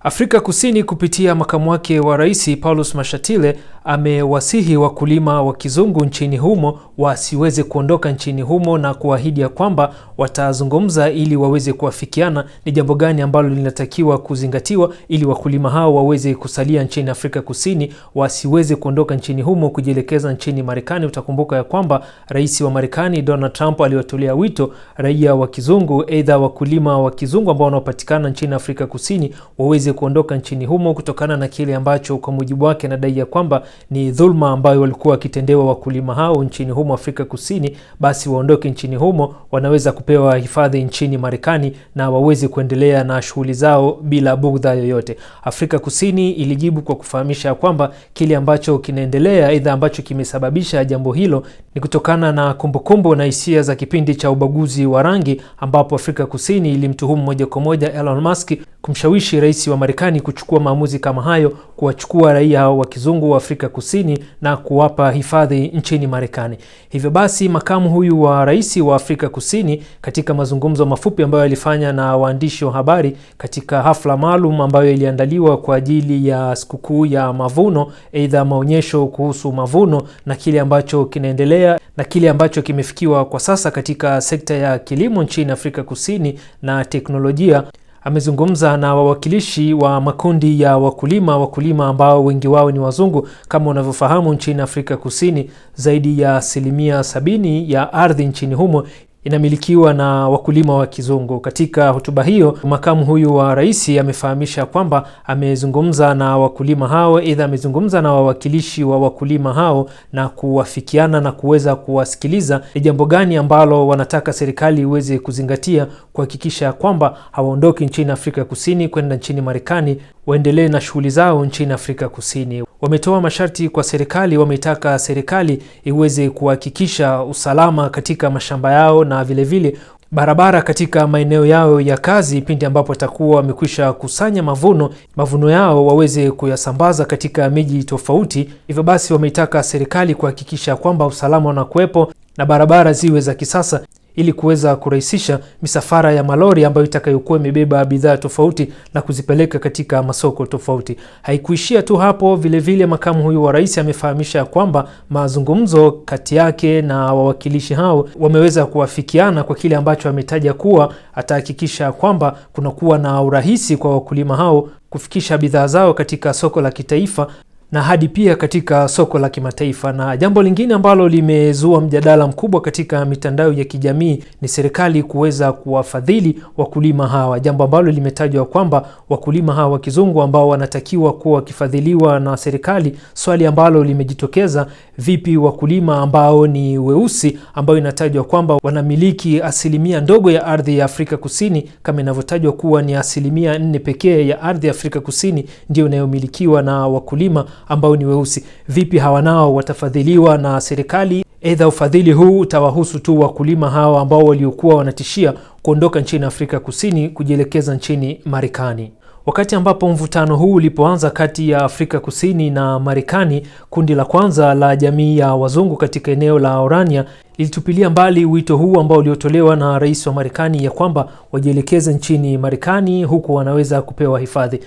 Afrika Kusini kupitia makamu wake wa rais Paulus Mashatile amewasihi wakulima wa kizungu nchini humo wasiweze kuondoka nchini humo na kuahidi ya kwamba watazungumza ili waweze kuafikiana ni jambo gani ambalo linatakiwa kuzingatiwa ili wakulima hao waweze kusalia nchini Afrika Kusini, wasiweze kuondoka nchini humo kujielekeza nchini Marekani. Utakumbuka ya kwamba rais wa Marekani Donald Trump aliwatolea wito raia wa kizungu, aidha wakulima wa kizungu ambao wanaopatikana nchini Afrika Kusini waweze waweze kuondoka nchini humo kutokana na kile ambacho kwa mujibu wake anadai ya kwamba ni dhulma ambayo walikuwa wakitendewa wakulima hao nchini humo Afrika Kusini, basi waondoke nchini humo, wanaweza kupewa hifadhi nchini Marekani na waweze kuendelea na shughuli zao bila bugdha yoyote. Afrika Kusini ilijibu kwa kufahamisha ya kwamba kile ambacho kinaendelea, aidha ambacho kimesababisha jambo hilo ni kutokana na kumbukumbu kumbu na hisia za kipindi cha ubaguzi wa rangi, ambapo Afrika Kusini ilimtuhumu moja kwa moja Elon Musk kumshawishi rais wa Marekani kuchukua maamuzi kama hayo, kuwachukua raia wa kizungu wa Afrika Kusini na kuwapa hifadhi nchini Marekani. Hivyo basi, makamu huyu wa rais wa Afrika Kusini katika mazungumzo mafupi ambayo alifanya na waandishi wa habari katika hafla maalum ambayo iliandaliwa kwa ajili ya sikukuu ya mavuno, aidha maonyesho kuhusu mavuno na kile ambacho kinaendelea na kile ambacho kimefikiwa kwa sasa katika sekta ya kilimo nchini Afrika Kusini na teknolojia amezungumza na wawakilishi wa makundi ya wakulima wakulima ambao wengi wao ni wazungu kama unavyofahamu. Nchini Afrika Kusini, zaidi ya asilimia sabini ya ardhi nchini humo inamilikiwa na wakulima wa kizungu. Katika hotuba hiyo, makamu huyu wa rais amefahamisha kwamba amezungumza na wakulima hao, idha amezungumza na wawakilishi wa wakulima hao na kuwafikiana na kuweza kuwasikiliza ni jambo gani ambalo wanataka serikali iweze kuzingatia kuhakikisha ya kwamba hawaondoki nchini Afrika Kusini kwenda nchini Marekani, waendelee na shughuli zao nchini Afrika Kusini. Wametoa masharti kwa serikali, wameitaka serikali iweze kuhakikisha usalama katika mashamba yao na vilevile vile barabara katika maeneo yao ya kazi, pindi ambapo watakuwa wamekwisha kusanya mavuno mavuno yao waweze kuyasambaza katika miji tofauti. Hivyo basi, wameitaka serikali kuhakikisha kwamba usalama unakuwepo na barabara ziwe za kisasa ili kuweza kurahisisha misafara ya malori ambayo itakayokuwa imebeba bidhaa tofauti na kuzipeleka katika masoko tofauti. Haikuishia tu hapo, vilevile vile makamu huyu wa rais amefahamisha kwamba mazungumzo kati yake na wawakilishi hao wameweza kuafikiana kwa kile ambacho ametaja kuwa atahakikisha kwamba kunakuwa na urahisi kwa wakulima hao kufikisha bidhaa zao katika soko la kitaifa na hadi pia katika soko la kimataifa. Na jambo lingine ambalo limezua mjadala mkubwa katika mitandao ya kijamii ni serikali kuweza kuwafadhili wakulima hawa, jambo ambalo limetajwa kwamba wakulima hawa wa kizungu ambao wanatakiwa kuwa wakifadhiliwa na serikali. Swali ambalo limejitokeza, vipi wakulima ambao ni weusi, ambayo inatajwa kwamba wanamiliki asilimia ndogo ya ardhi ya Afrika Kusini, kama inavyotajwa kuwa ni asilimia nne pekee ya ardhi ya Afrika Kusini ndio inayomilikiwa na wakulima ambao ni weusi. Vipi hawa nao watafadhiliwa na serikali? Aidha, ufadhili huu utawahusu tu wakulima hawa ambao waliokuwa wanatishia kuondoka nchini Afrika Kusini kujielekeza nchini Marekani. Wakati ambapo mvutano huu ulipoanza kati ya Afrika Kusini na Marekani, kundi la kwanza la jamii ya wazungu katika eneo la Orania lilitupilia mbali wito huu ambao uliotolewa na rais wa Marekani ya kwamba wajielekeze nchini Marekani huku wanaweza kupewa hifadhi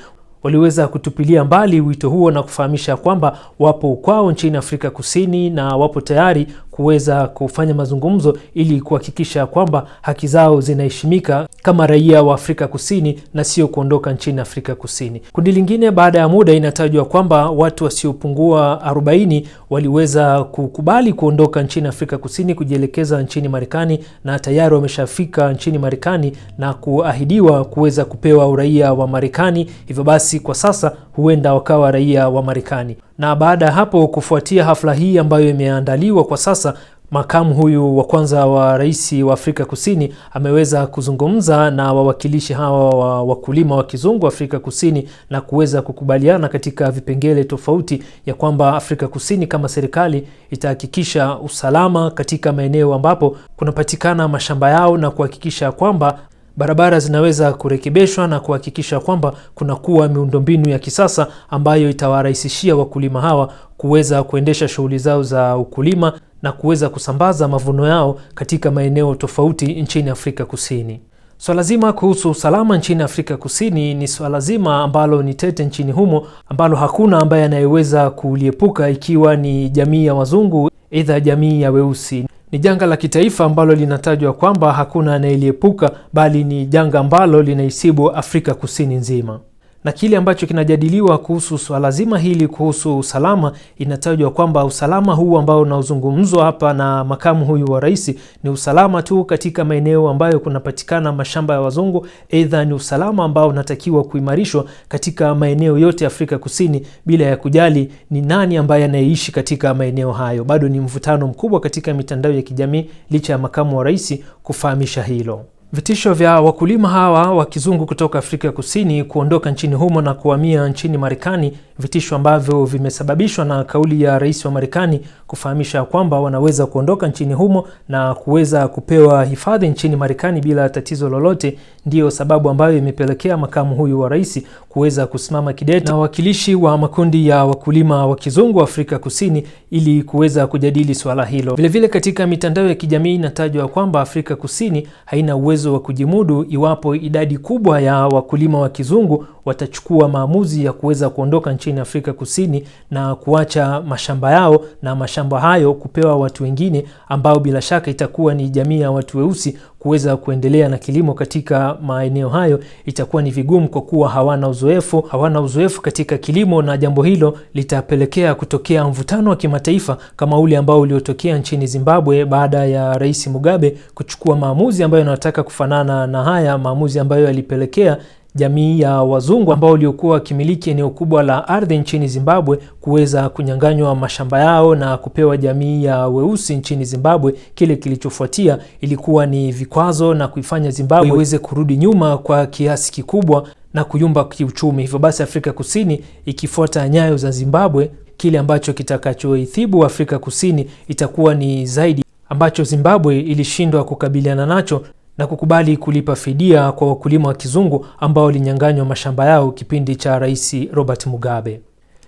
waliweza kutupilia mbali wito huo na kufahamisha kwamba wapo kwao nchini Afrika Kusini na wapo tayari kuweza kufanya mazungumzo ili kuhakikisha kwamba haki zao zinaheshimika kama raia wa Afrika Kusini na sio kuondoka nchini Afrika Kusini. Kundi lingine baada ya muda, inatajwa kwamba watu wasiopungua 40 waliweza kukubali kuondoka nchini Afrika Kusini kujielekeza nchini Marekani, na tayari wameshafika nchini Marekani na kuahidiwa kuweza kupewa uraia wa Marekani. Hivyo basi, kwa sasa huenda wakawa raia wa Marekani na baada ya hapo, kufuatia hafla hii ambayo imeandaliwa kwa sasa, makamu huyu wa kwanza wa rais wa Afrika Kusini ameweza kuzungumza na wawakilishi hawa wa wakulima wa kizungu Afrika Kusini na kuweza kukubaliana katika vipengele tofauti ya kwamba Afrika Kusini kama serikali itahakikisha usalama katika maeneo ambapo kunapatikana mashamba yao na kuhakikisha kwamba Barabara zinaweza kurekebishwa na kuhakikisha kwamba kunakuwa miundombinu ya kisasa ambayo itawarahisishia wakulima hawa kuweza kuendesha shughuli zao za ukulima na kuweza kusambaza mavuno yao katika maeneo tofauti nchini Afrika Kusini. Swala zima kuhusu usalama nchini Afrika Kusini ni swala zima ambalo ni tete nchini humo, ambalo hakuna ambaye anayeweza kuliepuka, ikiwa ni jamii ya wazungu, aidha jamii ya weusi. Ni janga la kitaifa ambalo linatajwa kwamba hakuna anayeliepuka, bali ni janga ambalo linaisibu Afrika Kusini nzima na kile ambacho kinajadiliwa kuhusu swala zima hili kuhusu usalama, inatajwa kwamba usalama huu ambao unaozungumzwa hapa na makamu huyu wa rais ni usalama tu katika maeneo ambayo kunapatikana mashamba ya wazungu, aidha ni usalama ambao unatakiwa kuimarishwa katika maeneo yote Afrika Kusini bila ya kujali ni nani ambaye anayeishi katika maeneo hayo. Bado ni mvutano mkubwa katika mitandao ya kijamii licha ya makamu wa rais kufahamisha hilo. Vitisho vya wakulima hawa wa kizungu kutoka Afrika Kusini kuondoka nchini humo na kuhamia nchini Marekani, vitisho ambavyo vimesababishwa na kauli ya rais wa Marekani kufahamisha kwamba wanaweza kuondoka nchini humo na kuweza kupewa hifadhi nchini Marekani bila tatizo lolote, ndiyo sababu ambayo imepelekea makamu huyu wa rais kuweza kusimama kidete na wakilishi wa makundi ya wakulima wa kizungu wa Afrika Kusini ili kuweza kujadili swala hilo. Vilevile, katika mitandao ya kijamii inatajwa kwamba Afrika Kusini haina uwezo uwezo wa kujimudu iwapo idadi kubwa ya wakulima wa kizungu watachukua maamuzi ya kuweza kuondoka nchini Afrika Kusini na kuacha mashamba yao na mashamba hayo kupewa watu wengine ambao bila shaka itakuwa ni jamii ya watu weusi kuweza kuendelea na kilimo katika maeneo hayo itakuwa ni vigumu kwa kuwa hawana uzoefu, hawana uzoefu katika kilimo, na jambo hilo litapelekea kutokea mvutano wa kimataifa kama ule ambao uliotokea nchini Zimbabwe baada ya Rais Mugabe kuchukua maamuzi ambayo anataka kufanana na haya maamuzi ambayo yalipelekea jamii ya wazungu ambao waliokuwa wakimiliki eneo kubwa la ardhi nchini Zimbabwe kuweza kunyang'anywa mashamba yao na kupewa jamii ya weusi nchini Zimbabwe. Kile kilichofuatia ilikuwa ni vikwazo na kuifanya Zimbabwe iweze kurudi nyuma kwa kiasi kikubwa na kuyumba kiuchumi. Hivyo basi, Afrika Kusini ikifuata nyayo za Zimbabwe, kile ambacho kitakachoithibu Afrika Kusini itakuwa ni zaidi ambacho Zimbabwe ilishindwa kukabiliana nacho na kukubali kulipa fidia kwa wakulima wa kizungu ambao walinyang'anywa mashamba yao kipindi cha Rais Robert Mugabe.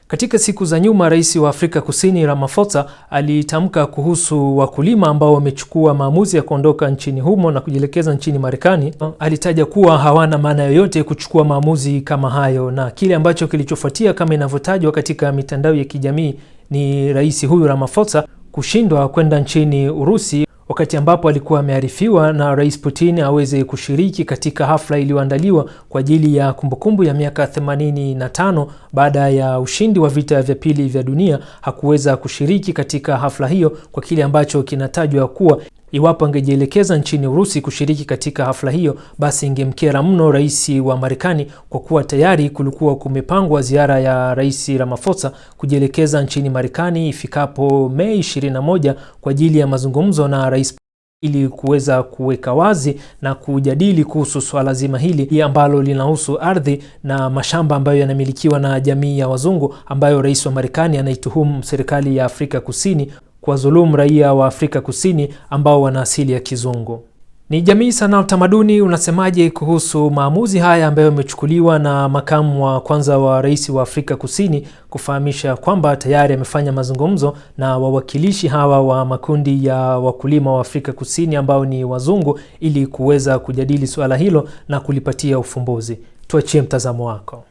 Katika siku za nyuma, Rais wa Afrika Kusini Ramaphosa alitamka kuhusu wakulima ambao wamechukua maamuzi ya kuondoka nchini humo na kujielekeza nchini Marekani. Alitaja kuwa hawana maana yoyote kuchukua maamuzi kama hayo, na kile ambacho kilichofuatia kama inavyotajwa katika mitandao ya kijamii ni rais huyu Ramaphosa kushindwa kwenda nchini Urusi wakati ambapo alikuwa amearifiwa na Rais Putin aweze kushiriki katika hafla iliyoandaliwa kwa ajili ya kumbukumbu ya miaka 85 baada ya ushindi wa vita vya pili vya dunia. Hakuweza kushiriki katika hafla hiyo kwa kile ambacho kinatajwa kuwa Iwapo angejielekeza nchini Urusi kushiriki katika hafla hiyo, basi ingemkera mno rais wa Marekani kwa kuwa tayari kulikuwa kumepangwa ziara ya Rais Ramaphosa kujielekeza nchini Marekani ifikapo Mei 21 kwa ajili ya mazungumzo na Rais ili kuweza kuweka wazi na kujadili kuhusu swala zima hili ambalo linahusu ardhi na mashamba ambayo yanamilikiwa na jamii ya wazungu ambayo rais wa Marekani anaituhumu serikali ya Afrika Kusini kuwadhulumu raia wa Afrika Kusini ambao wana asili ya kizungu. Ni jamii sana utamaduni unasemaje kuhusu maamuzi haya ambayo yamechukuliwa na makamu wa kwanza wa rais wa Afrika Kusini kufahamisha kwamba tayari amefanya mazungumzo na wawakilishi hawa wa makundi ya wakulima wa Afrika Kusini ambao ni wazungu ili kuweza kujadili suala hilo na kulipatia ufumbuzi? Tuachie mtazamo wako.